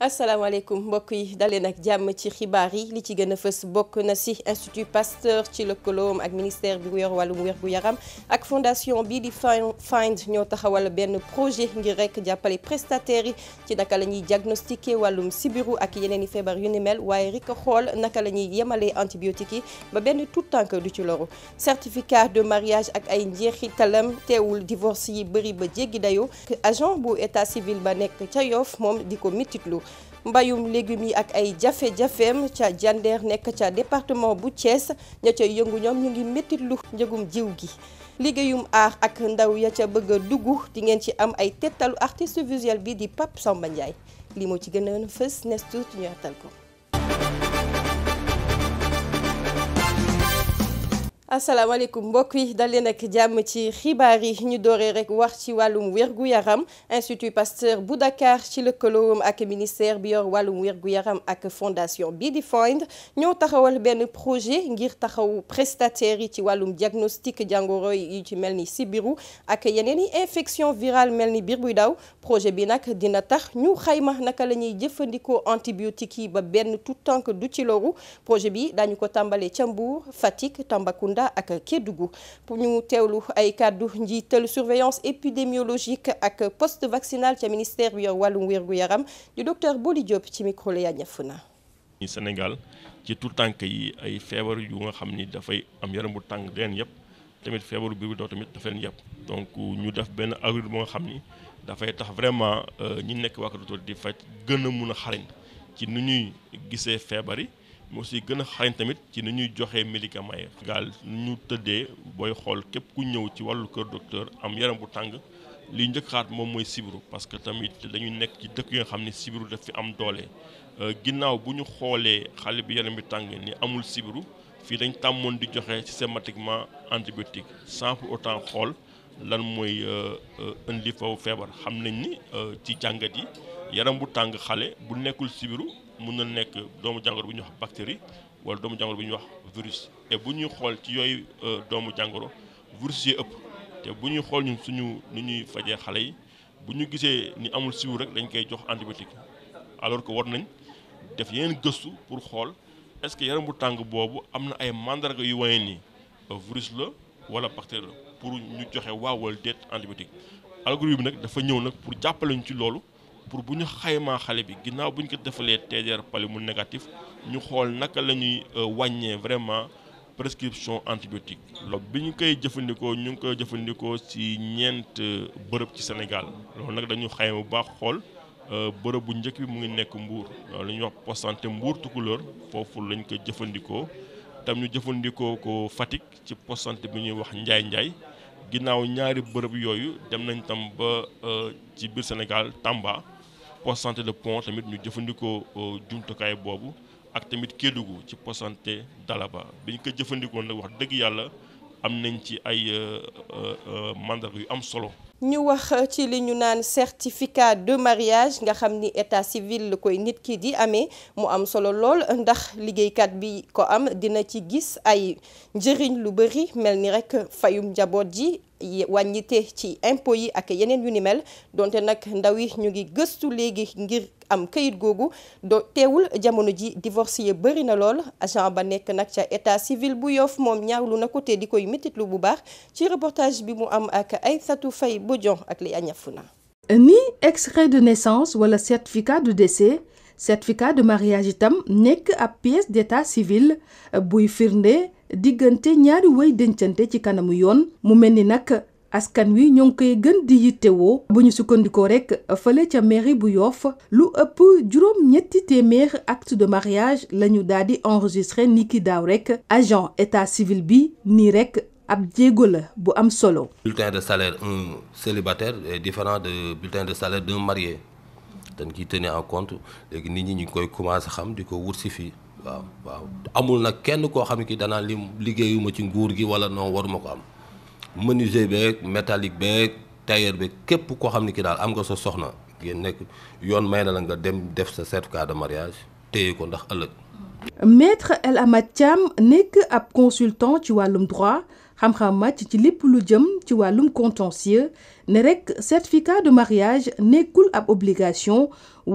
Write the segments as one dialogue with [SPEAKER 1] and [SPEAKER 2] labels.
[SPEAKER 1] asalaamaaleykum mbokk yi dalee nag jàmm ci xibaar yi li ci gën a fës bokk na si institut Pasteur ci lëkkaloom ak ministère bi weer wàllum weer gu yaram ak fondation bii di Find ñoo taxawal benn projet ngir rek jàppale prestataires yi ci naka la ñuy diagnostiquer wàllum sibiru ak yeneen i feebar yu ni mel waaye rek xool naka la ñuy yemalee antibiotiques yi ba benn tout tànk du ci loru certificat de mariage ak ay njeexitalam teewul divorce yi bëri ba jéggi dayoo agent bu état civil ba nekk ca Yoff moom di ko mittitlu mbayum légumes yi ak ay jafe-jafeem ca jandeer nekk ca département bu Thiès ña ca yëngu ñoom ñu ngi méttit lu njëgum jiw gi liggéeyum aar ak ndaw ya ca bëgg a dugg di ngeen ci am ay tettalu artiste visuel bi di Pape Samba Ndiaye li moo ci gën a fës nes tuuti ñu yaatal ko asalaamaaleykum mbokk yi dal leen ak jàmm ci xibaar yi ñu dooree rek wax ci wàllum wér-gu-yaram institut pasteur bu Dakar ci lëkkaloowam ak ministère bi yor wàllum wér-gu-yaram ak fondation bii di Find ñoo taxawal benn projet ngir taxawu prestataires yi ci wàllum diagnostic jàngoro yi ci mel ni sibiru ak yeneen i infection virale mel ni biir buy daw projet bi nag dina tax ñu xayma naka la ñuy jëfandikoo antibiotiques yi ba benn tout tànk du ci loru projet bi daañu ko tàmbalee ca Mbour Fatick Tambacounda Tambacounda ak Kédougou pour ñu teewlu ay kàddu njiital surveillance épidémiologique ak poste vaccinal ca ministère bi yor wàllum wér gu yaram di docteur Boli Diop ci micro la ñëf na.
[SPEAKER 2] ñu Sénégal ci tout tànk yi ay feebar yu nga xam ni dafay am yaram bu tànk leen yëpp tamit feebaru biir bi doo tamit dafa leen yëpp donc ñu def benn agri moo nga xam ni dafay tax vraiment euh, ñi nekk waa Kër di faj gën a mun a xarañ ci nu ñuy gisee feebar yi. moo si gën a xarañ tamit ci ni ñuy joxe médicament yi. gaal ñu tëddee booy xool képp ku ñëw ci wàllu kër docteur am yaram bu tàng li njëkk xaat moom mooy sibiru parce que tamit dañu nekk ci dëkk yoo xam ne sibiru daf fi am doole euh, ginnaaw bu ñu xoolee xale bi yaram bi tàng ni amul sibiru fii dañ tàmmoon di joxe systématiquement antibiotique sans pour autant xool lan mooy euh, euh, indi faw feebar xam nañ ni ci jàngat yi yaram bu tàng xale bu nekkul sibiru. mun na nekk doomu jàngoro bu ñu wax bactérie wala doomu jàngoro bu ñuy wax virus te bu ñuy xool ci yooyu euh, doomu jàngoro virus yi ëpp te bu ñuy xool ñun suñu nu ñuy fajee xale yi bu ñu gisee ni amul siw rek dañ koy jox antibiotique alors que war nañ def yenn gëstu pour xool est-ce que yaram bu tàng boobu am na ay mandarga yu wane ni euh, virus la wala bactérie la pour ñu joxe waawal wala déet antibiotique algorithme bi nag dafa ñëw nag pour jàppale ñu ci loolu. pour bu ñu xayma xale bi ginnaaw bu ñu ko defalee TDR pali mu négatif ñu xool naka la ñuy euh, wàññee vraiment prescription antibiotique loolu bi ñu koy jëfandikoo ñu ngi koy jëfandikoo si ñeent euh, bërëb ci Sénégal loolu nag dañu xayma bu baax xool euh, bërëb bu njëkk bi mu ngi nekk mbuur loolu la ñuy wax poste santé tu Tukulóor foofu lañ koy jëfandikoo tam ñu jëfandikoo ko Fatick ci poste bi ñuy wax Njaay Njaay ginnaaw ñaari bërëb yooyu dem nañ tam ba ci biir Sénégal Tamba poste santé de pont tamit ñu jëfandikoo euh, jumtukaay boobu ak tamit Kédougou ci poste santé Dalaba bi ñu ko jëfandikoo nag wax dëgg yàlla am nañ ci ay euh, euh, mandarga yu am solo
[SPEAKER 1] ñu wax euh, ci li ñu naan certificat de mariage nga xam ni état civil la koy nit ki di amee mu am solo lool ndax liggéeykat bi ko am dina ci gis ay njëriñ lu bari mel ni rek fayum njaboot ji wàññite ci impôt yi ak yeneen yu ni mel donte nag ndaw yi ñu ngi gëstu léegi ngir am kayit googu do teewul jamono ji divorce yi bëri na lool agent ba nekk nag ca état civil bu Yoff moom ñaawlu na ko te di koy métitlu bu baax ci reportage bi mu am ak ay satu Faye Bodion ak Leah Niafuna
[SPEAKER 3] ni extrait de naissance wala certificat de décès certificat de mariage itam nekk ab pièce d'état civil euh, buy firnde diggante ñaari way dencante ci kanamu yoon mu mel ni nag askan wi ñoo ngi koy gën di yittewoo bu ñu sukkandikoo rekk euh, fële ca mairie bu Yoff lu ëpp juróom ñetti téeméer acte de mariage lañu daal di enregistré niki daaw rekk agent état civil bi nii rekk ab jéego la bu am solo.
[SPEAKER 4] bulletin de salaire un célibataire est différent de bulletin de salaire d'un marié dañ ciy tenir en compte léegi nit ñi ñu koy commencé xam di ko wut si fii waaw waaw amul nag kenn koo xam ne ki dana li liggéeyuma ci nguur gi wala non waruma ko am menuisier beeg métalique beeg tailleur beeg képp koo xam ne ki daal am nga sa soxna ngeen nekk yoon may na la nga dem def sa certificat de mariage téye ko ndax ëllëg.
[SPEAKER 3] maître El Amath Thiam nekk ab consultant ci wàllum droit. xam-xam màcc ci lépp lu jëm ci wàllum contentieux ne rekk certificat de mariage nekkul ab obligation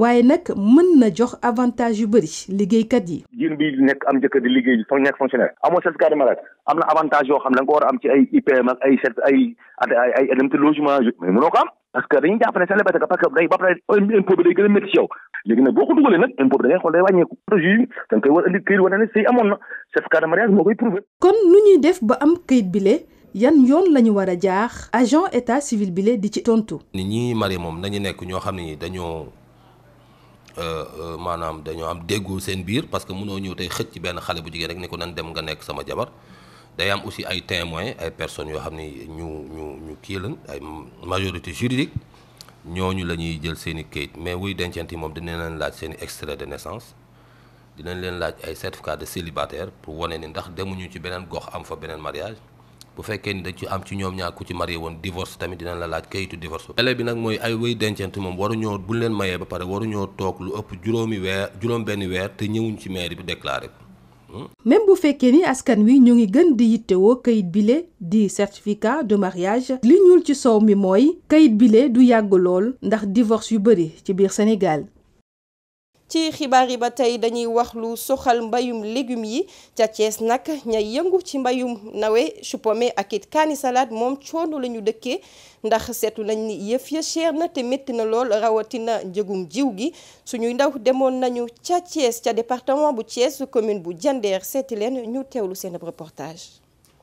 [SPEAKER 3] waaye nag mën na jox avantage yu bëri
[SPEAKER 4] liggéeykat yi. jigéen bi nekk am jëkkër di liggéey fa nekk fonctionnaire amoo certificat de mariage am na avantage yoo xam ne da war a am ci ay IPM ak ay ay ay ay logement mais mënoo ko am. parce que dañuy jàpp ne sa lebete parce que day ba day gën a métti yow léegi nag boo ko dugalee nag impôt bi da xool day wàññeeku juge da koy war indi këyit wane ne sëy amoon na certificat de mariage moo koy prouvé kon nu ñuy def ba am
[SPEAKER 3] këyit bile yan yoon la ñu war a jaax agent état civil bile di ci tontu
[SPEAKER 4] ni ñi mari moom nañu nekk ñoo xam ne ni dañoo euh, euh, maanaam dañoo am déggoo seen biir parce que mënoo ñëw tey xëcc benn xale bu jigéen rek ni ko dem nga nekk sama jabar day am aussi ay témoins ay personnes yoo xam ni ñu ñu ñu kii lañ ay majorité juridique ñooñu la ñuy jël seen i kayit mais wuy dencante yi moom dinañ leen laaj seen i extrait de naissance dinañ leen laaj ay certificat de célibataire pour wane ni ndax demuñu ci beneen gox am fa beneen mariage bu fekkee ni dañ ci am ci ñoom ñaar ku ci marié woon divorce tamit dinañ la laaj kayitu divorce délai bi nag mooy ay wéy dencante moom waruñoo buñ leen mayee ba pare waruñoo toog lu ëpp juróomi weer juróom benn te ñëwuñ ci mairie bi déclaré
[SPEAKER 3] même bu fekkee ni askan wi ñu ngi gën di yittewoo kayit bile di certificat de mariage li ñuul ci soow mi mooy kayit bile du yàgg lool ndax divorce yu bari ci biir Sénégal
[SPEAKER 1] ci xibaar yi ba tey dañuy wax lu soxal mbayum légum yi ca Thiès nag ña yëngu ci mbayum nawe chou-pommé ak it kaani salade moom coono la ñu dëkkee ndax seetu nañ ni yëf ya cher na te métti na lool rawatina njëgum jiw gi suñuy ndaw demoon nañu ca Thiès ca département bu Thiès commune bu jandeer seeti leen ñu teewlu seen reportage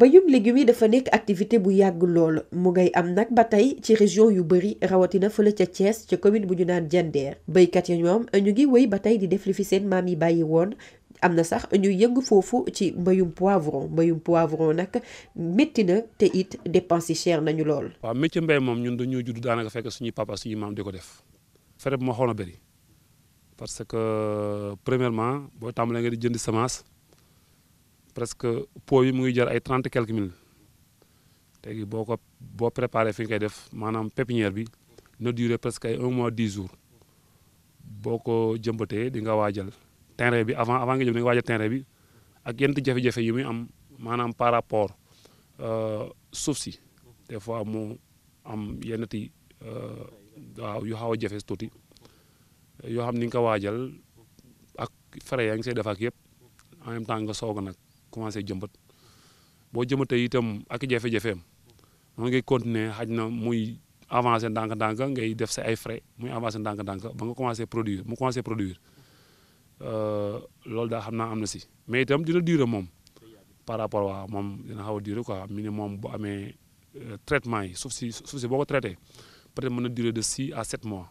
[SPEAKER 1] mbayum légumes yi dafa nekk activité bu yàgg lool mu ngay am nag ba tey ci région yu bëri rawatina fële ca Thiès ca commune bu ñu naan Diender béykat yi ñoom ñu ngi wéy ba tey di def li fi seen maam yi bàyyi woon am na sax ñu yëngu foofu ci mbayum poivron mbayum poivron nag métti na te it dépense yi cher nañu lool.
[SPEAKER 5] waa métier mbay moom ñun dañoo judd daanaka fekk suñuy papa suñuy maam di ko def fere bu ma xoon a bëri parce que premièrement boo tàmbalee nga di jëndi semence. presque pot yi mu ngi jar ay trente quelques mille léegi boo ko boo préparé fi nga koy def maanaam pépinière bi na durer presque ay un mois dix jours boo ko jëmbatee di nga waajal terrain bi avant avant nga jëm di nga waajal terrain bi ak yenn jafe-jafe yi muy am maanaam par rapport euh, suuf si des fois mu am yenn ti euh, xaw a jafe tuuti yoo xam ni nga ko waajal ak frais yaa ngi def ak yëp en même temps nga soog nag. commencé jëmbat boo tey itam ak jafe-jafeem mën ngay continuer xaj na muy avancé ndànk-ndànk ngay def si ay frais muy avancé ndànk-ndànk ba nga commencé produire mu commencé produire euh, loolu daa xam naa am na si mais itam dina durer moom par rapport waaw moom dina xaw a durer quoi minimum bu amee euh, traitement yi suuf si boo ko traité peut-être mën na durer de six à sept mois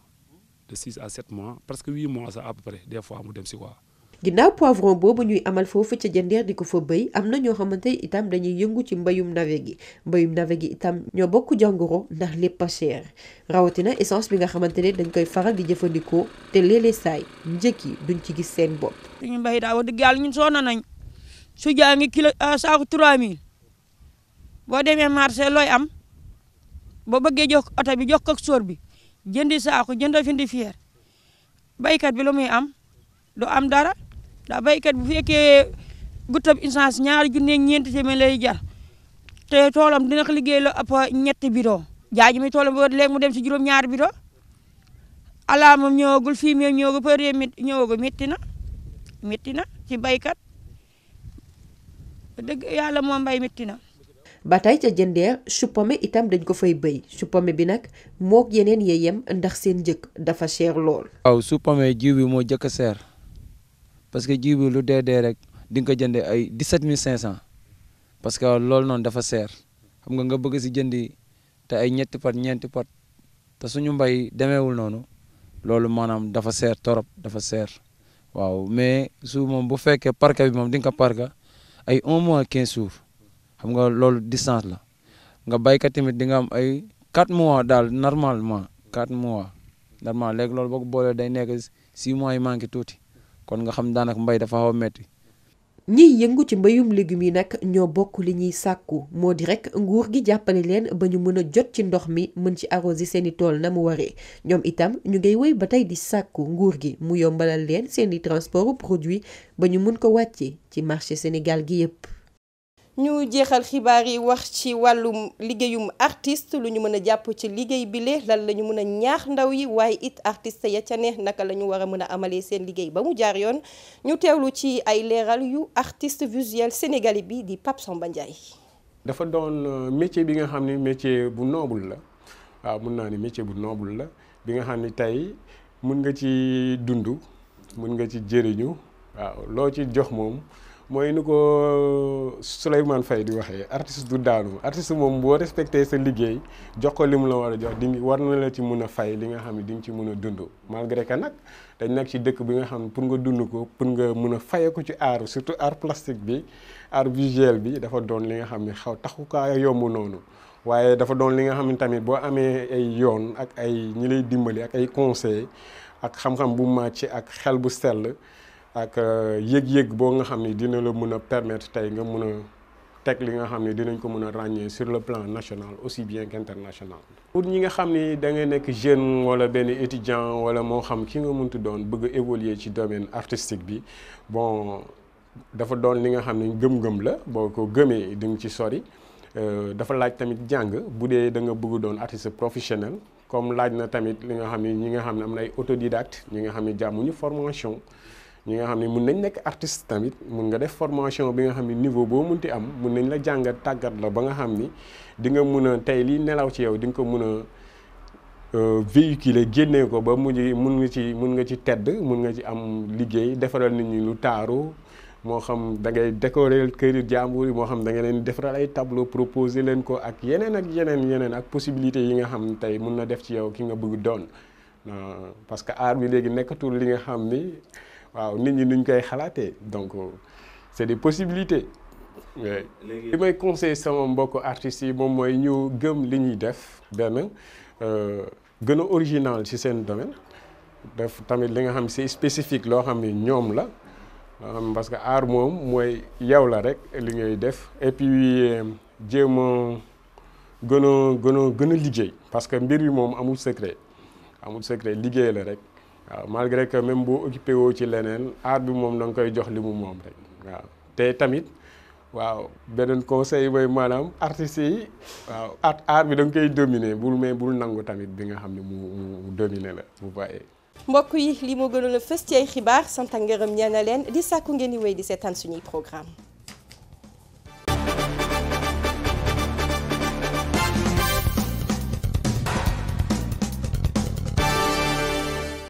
[SPEAKER 5] de six à sept mois presque huit mois sax peu près des fois mu dem si quoi.
[SPEAKER 1] ginnaaw poivron boobu ñuy amal foofu ca jëndeer di ko fa béy am na ñoo xamante itam dañuy yëngu ci mbayum navet gi mbayum navet gi itam ñoo bokk jàngoro ndax lépp a cher rawatina essence bi nga xamante ne dañ koy faral di jëfandikoo te léeg-léeg saay njëkk yi duñ ci gis seen bopp. suñu mbay daa wax dëgg yàlla ñun sonn nañ su jaa ngi kilo ah, saako 3000 boo demee marché looy am boo bëggee jox oto bi jox ko sóor bi jëndi saako jënd fi ndi fier baykat bi lu muy am du am dara. ndax baykat bu fekkee guttab essence ñaari junne ñeenti ma lay jar te toolam dina ko liggéey la ëpp ñetti bidon jaaji mi toolam léegi mu dem si juróom-ñaari bidon ala moom ñëwagul fii moom ñëwagul përee ñëwagul métti na métti na ci béykat dëgg yàlla moom mbay métti na. ba tey ca jëndeer suppome itam dañ ko fay bay suppome bi nag moog yeneen yee yem ndax seen njëkk dafa cher lool.
[SPEAKER 5] aw suppome jiw bi moo jëkk a seer. parce que jiw lu dee dee rek di nga ko jëndee ay 17500 parce que loolu noonu dafa seer xam nga nga bëgg si jëndi te ay ñetti pat ñeenti pat te suñu mbay demeewul noonu loolu maanaam dafa seer torop dafa seer waaw mais su moom bu fekkee parka bi moom di nga ko parka ay un mois quinze suuf xam nga loolu distance la nga baykat tamit di nga am ay quatre mois daal normalement quatre mois normal léegi loolu boo ko boolee day nekk si mois yi manqué tuuti kon nga xam daanaka mbay dafa xaw a metti
[SPEAKER 1] ñiy yëngu ci mbéyum légumes yi nag ñoo bokk li ñuy sàkku moo di rek nguur gi jàppale leen ba ñu mën a jot ci ndox mi mën ci arroser seeni tool na mu waree ñoom itam ñu ngay wéy ba tey di sàkku nguur gi mu yombalal leen seeni transportu produit ba ñu mën ko wàcce ci marché Sénégal gi yépp ñu jeexal xibaar yi wax ci wàllum liggéeyum artiste lu ñu mën a jàpp ci liggéey bile lan la ñu mën a ñaax ndaw yi waaye it artiste ya ca ne naka lañu war a mën a amalee seen liggéey ba mu jaar yoon ñu teewlu ci ay leeral yu artiste visuel sénégalais bi di Pape Samba Ndiaye.
[SPEAKER 6] dafa doon euh, métier bi nga xam ne métier bu noobul la waaw mun naa ne métier bu noobul la bi nga xam ne tey mun nga ci dundu mun nga ci jëriñu waaw loo ci jox moom. mooy nu ko Souleymane Faye di waxee artiste du daanu artiste moom boo respecté sa liggéey jox ko li mu la war a jox di war na la ci mun a fay li nga xam ne di nga ci mun a dund malgré que nag dañ nekk ci dëkk bi nga xam ne pour nga dund ko pour nga mun a faye ko ci aaru surtout art plastique bi art visuel bi dafa doon li nga xam ne xaw taxu kaa yomb noonu waaye dafa doon li nga xam ne tamit boo amee ay yoon ak ay ñi lay dimbali ak ay conseil ak xam-xam bu ak xel bu sell ak euh, yëg-yëg boo nga xam ni dina la mën a permettre tey nga mun a teg li nga xam ni dinañ ko mën a ràññee sur le plan national aussi bien qu'international. pour ñi nga xam ni da nga nekk jeune wala benn étudiant wala moo xam ki nga mënti doon bëgg a évoluer ci domaine artistique bi bon dafa doon li nga xam ni gëm-gëm la boo ko gëmee di nga ci sori euh, dafa laaj tamit jàng bu dee da nga bëgg doon artiste professionnel. comme laaj na tamit li nga xam ni ñi nga xam ne am na ay autodidacte ñi nga xam ni jàmmuñu formation. ñi nga xam ne mun nañ nekk artist tamit mun nga def formation bi nga xam ne niveau boo munti am mun nañ la jàngat tàggat la ba nga xam ni di nga mun a tey li nelaw ci yow di nga ko mun a euh, véhiculer génnee ko ba mujj mun nga ci mun nga ci tedd mun nga ci am liggéey defaral nit ñi lu taaru moo xam da ngay décorer këri jàmbur yi moo xam da nga leen defaral ay tableau proposer leen ko ak yeneen ak yeneen yeneen ak possibilité yi nga xam tey mun na def ci yow ki nga bëgg doon euh, parce que bi léegi nekkatul li nga xam ni waaw nit ñi nuñ koy xalaatee donc euh, c'est des possibilités. li may conseil sama mbokk artistes yi moom mooy ñu gëm li ñuy def benn euh, gën a original ci seen domaine def tamit li nga xam si spécifique loo xam ne ñoom la loo xam parce que art moom mooy yow la rek li ngay def et puis euh, jéem a gën a gën a gën a liggéey parce que mbir yi moom amul secret amul secret liggéey la rek waaw malgré que même boo occupé woo ci leneen art bi moom da koy jox li moom rek waaw te tamit waaw beneen conseil mooy maanaam artistes yi waaw art art bi da nga koy dominer bul mais bul nangu tamit bi nga xam ne mu mu dominer la bu bàyyee.
[SPEAKER 1] mbokk yi li moo gënoon a fës ci ay xibaar sant ak ngërëm ñeena leen di sàkku ngeen di wéy di seetaan suñuy programme